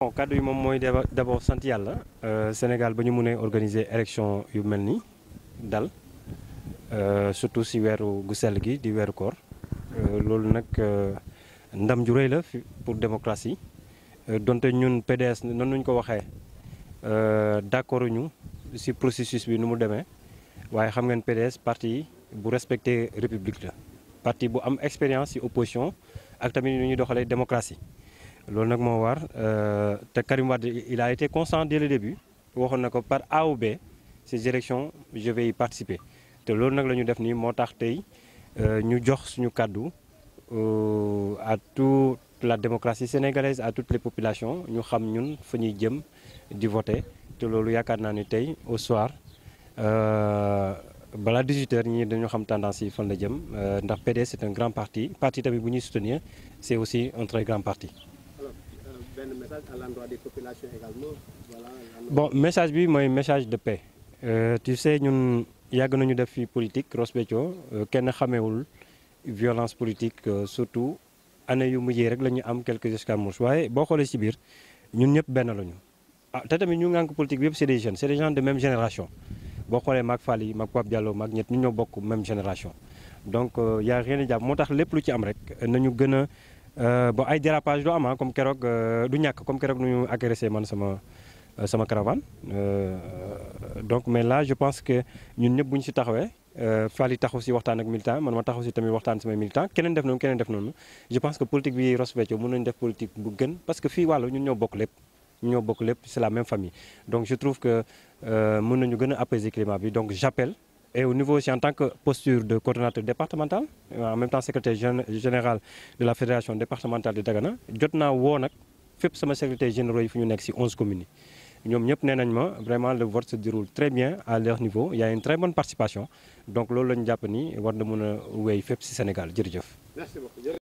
bon cadre yi moment mooy d'abord sant euh, Sénégal ba nous organiser élection yu mel ni dal euh, surtout si vers gu sell gi di weeru koor euh, loolu nag euh, ndam ju la pour démocratie donte ñun PDS non ñu ko euh, d'accord ñu si processus bi nu mu demee waaye xam ngeen PDS parti bu respecter république la parti bu am expérience si opposition ak nous nous ñuy doxalee démocratie war euh, te il a été constant dès le début waxoon na ko par A ou B ces élections je vais y participer te loolu nag la ñu def nii nous tax tey euh, ñu jox suñu euh, à toute la démocratie sénégalaise à toutes les populations ñu xam ñun fa ñuy jëm di voter te loolu yaakaar naa ni tey au soir à 18 heures ñi nous xam tendance yi fan la jëm ndax PDS c'est un grand parti parti tamit bu ñuy soutenir c'est aussi un très grand parti ben message à l'endroit des populations également voilà. bon message bi mooy message de paix. Euh, tu sais ñun yàgg nañu def fi politique Ross Béthio euh, kenn xamewul violence politique euh, surtout année yu mujjee rek la am quelques escarmouches waaye boo xoolee ci biir ñun ñëpp benn lañu. ah te tamit ñu ngànk politique bi yëpp c'est des jeunes c'est des gens de même génération boo xoolee maag Faly maag Pape Diallo maag ñett ñu ñoo bokk même génération donc il euh, y a rien à dire moo tax lépp lu ci am rek nañu gën euh, bon ay dérapage do am ah comme keroog euh, du ñak comme kérok nu ñu agressé man sama euh, sama caravane donc mais là je pense que ñun ñëpp buñ ci taxawé taxawee Fally taxaw ci waxtan ak militant man ma taxaw ci tamit waxtan sama militant keneen def non keneen def non je pense que politique bi Ross Béthio def politique bu gën parce que fi walu ñun ñoo bokk lépp ñoo bokk lépp c'est la même famille donc je trouve que mën nañu gën a apaiser climat bi donc j'appelle et au niveau aussi en tant que posture de coordonnateur départemental en même temps secrétaire général de la fédération départementale de Dagana jotna naa woo c'est secrétaire général de fi 11 onze communes Nous ñoom ñëpp vraiment le vote se déroule très bien à leur niveau il y a une très bonne participation donc loolu la ñu jàpp ni war na Sénégal